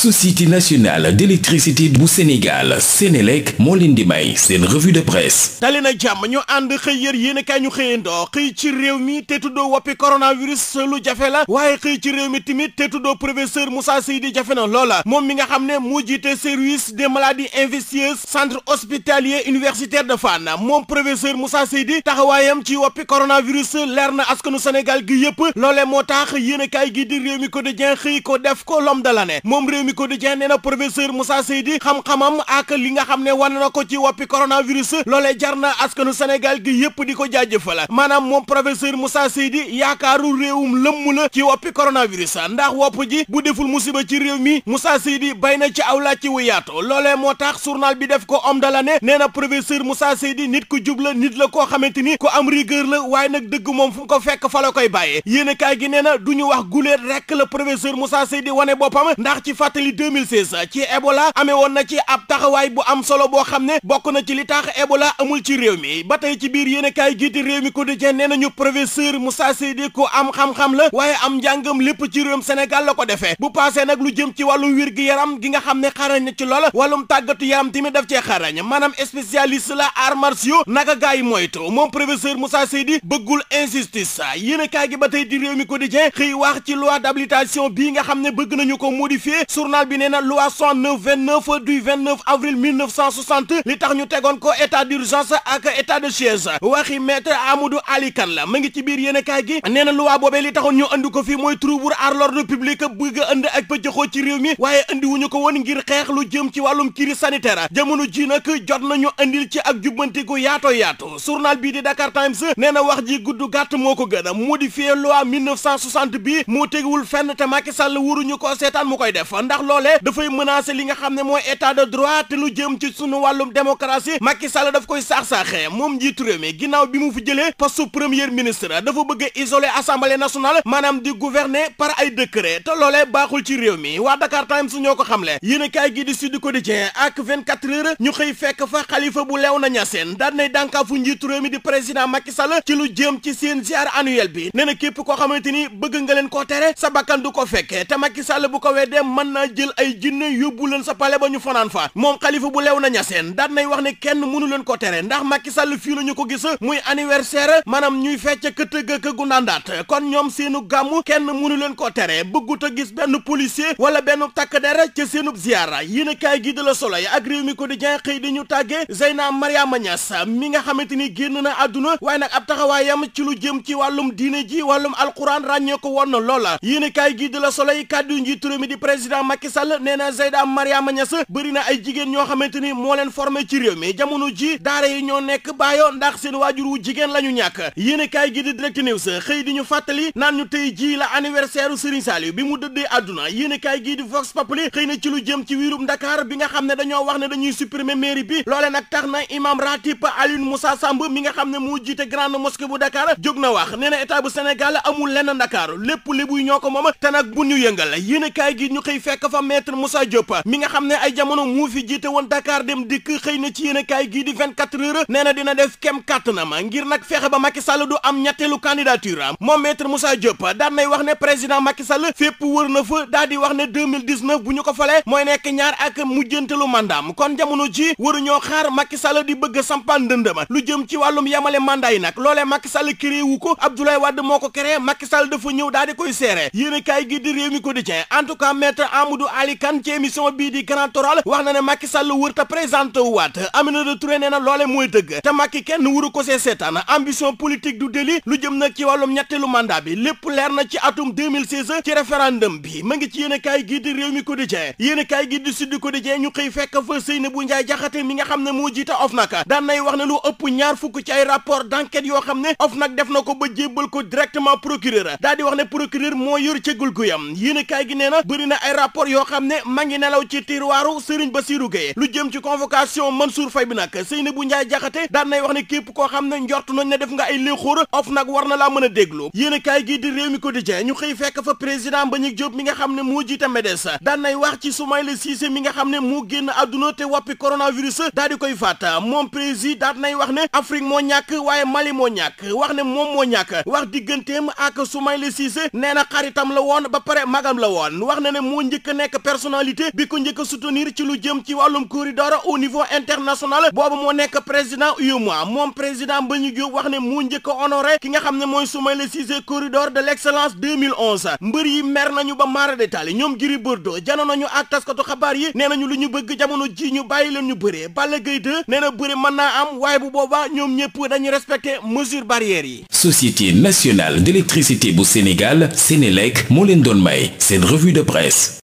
société nationale d'électricité bu Sénégal Sénélec moo leen di may seen revue de presse dali na jàmm ñu ànd xëy yër yéen kaay ñu xëyandoo xëy ci réew mi te tuddoo woppi coronavirus lu jafe la waaye xëy ci réew mi tamit te tuddoo professeur Moussa Seydi jafe na loola moom mi nga xam ne moo jiite service des maladies infectieuses centre hospitalier universitaire de na moom musa professeur tax Seydi taxawaayam ci woppi coronavirus leer na askanu Sénégal gi yëpp moo tax yéen kaay gi di réew def ko l'homme de mi quotidien nee na professeur Moussa Seydi xam-xamam ak li nga xam ne wane na ko ci woppi coronavirus loolee jar na askanu Sénégal gi yëpp di ko jaajëfal maanaam moom professeur Moussa Seydi yaakaaru réewum lëmm la ci woppi coronavirus ndax wopp ji bu deful musiba ci réew mi Moussa Seydi bay na ci aw laaj ci wu yaatu loolee moo tax journal bi def ko homme de ne nee na professeur Moussa Seydi nit ku jub la nit la koo xamante ni ku am rigueur la waaye nag dëgg moom ko fekk fa koy bàyyee yéen a na du ñu wax guleet rek la professeur Moussa Seydi wane boppam ndax fàttali 2016 ci Ebola amee woon na ci ab taxawaay bu am solo boo xam ne bokk na ci li tax Ebola amul ci réew mi ba tey ci biir yéne kaay gi di Rewmi Quotidien nee nañu professeur Moussa Seydi ku am xam-xam la waaye am njàngam lépp ci réewum Sénégal la ko defee bu passé nag lu jëm ci wàllum wér gi yaram gi nga xam ne xarañ na ci lool wàllum tàggatu yaram tamit def cee xarañ maanaam spécialiste la arts martiaux nag gars yi moytu moom professeur Moussa Seydi bëggul injustice yéenekaay gi ba tey di mi Rewmi Quotidien xëy wax ci loi d'habilitation bii nga xam ne bëgg nañu ko modifier sur journal bi nee na loi 109-29 du 29 avril 1960 li tax ñu tegoon ko état d'urgence ak état de siège waxi metre Amadou Ali la ma ngi ci biir yéenekaay gi nee na loi boobee li taxoon ñu indi ko fii mooy trouble à l'ordre public bëgg a andi ak pëccëxoo ci réew mi waaye indiwuñu ko woon ngir xeex lu jëm ci wàllum crise sanitaire jamono ji nag jot nañu indi ci ak jubbantiku yaato yaatu journal bii di Dakar Times nee wax ji gudd gàtt moo ko gën a modifier loi 1960 bi moo teguwul fenn te Macky Sall wuruñu ko seetaan mu koy def ndax ndax loolee dafay menacer li nga xam ne mooy état de droit te lu jëm ci sunu wàllu démocratie Macky Sall daf koy saax-saaxee moom njiitu réew mi ginnaaw bi mu fi jëlee poste premier ministre dafa bëgg a isoler assemblée nationale maanaam di gouverner par ay décret te loolee baaxul ci réew mi waa Dakar su ñoo ko xam yéen a kaay gi di Sud Quotidien ak 24 heures ñu xëy fekk fa xalifa bu leew na ñaseen daan nay dànkaafu njiitu réew mi di président Macky Sall ci lu jëm ci seen bi nee képp koo xamante ni bëgg nga leen koo tere sa du ko fekkee te Macky Sall bu ko weddee mën naa jël ay jinne yóbbu leen sa pale ba ñu fanaan fa moom xalifa bu lew na ñaseen daan nay wax ne kenn mënu leen ko tere ndax Macky Sall fii la ñu ko gis muy anniversaire maanaam ñuy fecc këtëgg ak gu nandaat kon ñoom seenu gàmmu kenn mënu leen ko tere bëggut a gis benn policier wala benn takk der ca seenub ziyaara yéen kaay gi de la Soleil ak réew mi quotidien xëy di ñu tàggee Zeyna Mariama Niass mi nga xamante ni génn na àdduna waaye nag ab taxawaayam ci lu jëm ci wàllum diine ji wàllum alquran ràññee ko woon na loola yéen kaay gi de la Soleil kàddu njiitu réew mi di président Macky Macky Sall nee na Zeyda Mariama Niass bëri na ay jigéen ñoo xamante ni moo leen formé ci réew mi jamono ji daara yi ñoo nekk baayo ndax seen waajur wu jigéen la ñu ñàkk yéen kaay gi di direct news xëy di ñu fàttali naan ñu tey ji la anniversaire Serigne Saliou bi mu dëddee àdduna yéen kaay gii di Vox Populi xëy na ci lu jëm ci wiirum Dakar bi nga xam ne dañoo wax ne dañuy supprimer mairie bi loole nag tax na imam ratib Alioune Moussa Samb mi nga xam ne moo j grande mosquée bu Dakar jóg na wax nee na état bu Sénégal amul lenn Dakar lépp lébuy ñoo ko moom te nag bu ñu yëngal yéen fa metre musa Diop mi nga xam ne ay jamono muu fi jiite woon Dakar dem dikk xëy na ci yéen kaay gii di 24 heures nee na dina def kem kàttanam ngir nag fexe ba Macky Sall du am ñetteelu candidature am moom maître Moussa Diop wax ne président Macky Sall fépp wër na fa daal di wax ne 2019 bu ñu ko falee mooy nekk ñaar ak mujjantalu mandaam kon jamono ji waruñoo xaar Macky Sall di bëgg sampaan ndëndama lu jëm ci wàllum yamale mandat yi nag loolee Macky Sall créé moo ko créé Macky Sall dafa ñëw daal di koy seere a kaay gii Mamadou Ali Kane ci émission bii di Grand wax na ne Macky Sall wër te présenté wu waat Aminata Touré nee na loole mooy dëgg te Macky kenn wuru ko see seetaan ambition politique du déli lu jëm nag ci wàllum ñetteelu mandat bi lépp leer na ci atum 2016 ci référendum bi ma ngi ci yéen a kaay di réew mi quotidien yéen a kaay gii di sud quotidien ñu xëy fekk fa Seynabou Ndiaye Diakhaté mi nga xam ne moo jiite OFNAC daan nay wax ne lu ëpp ñaar fukk ci ay rapport d'enquête yoo xam ne OFNAC def na ko ba jébbal ko directement procureur daal di wax ne procureur moo yor cëggul guyam a bëri na ay rapport rapport yoo xam ne ma ngi nelaw ci tiroiru Serigne Bassirou Gueye lu jëm ci convocation Mansour Faye bi nag Seynabou Ndiaye Diakhaté daan nay wax ne képp koo xam ne njort nañ ne def nga ay léexóor of nag na laa mën a déglu yéen a kaay gii di réew mi quotidien ñu xëy fekk fa président Mbagnick Diop mi nga xam ne moo jiite MEDES daan nay wax ci Soumaïla Cissé mi nga xam ne moo génn àdduna te woppi coronavirus daal di koy faat moom président daan nay wax ne Afrique moo ñàkk waaye Mali moo ñàkk wax ne moom moo ñàkk wax digganteem ak Soumaïla Cissé nee na xaritam la woon ba pare magam la woon wax na ne moo njëkk njëkk nekk personalité bi ko njëkk a ci lu jëm ci wàllum corridor au niveau international boobu moo nekk président UEMOA moom président Mbagnick wax ne njëkk a honoré ki nga xam ne mooy Soumaïla Cissé corridor de l'excellence 2011 mbër yi mer nañu ba mara détaillé ñoom Gris Bordeaux janoon nañu ak taskatu xabaar yi nee ñu lu ñu bëgg jamono ji ñu bàyyi leen ñu bëree Balla Gaye 2 nee na mën naa am waaye bu boobaa ñoom ñëpp dañuy respecté mesures barrières yi. Société nationale d'électricité bu Sénégal Sénélec moo leen doon may seen revue de presse.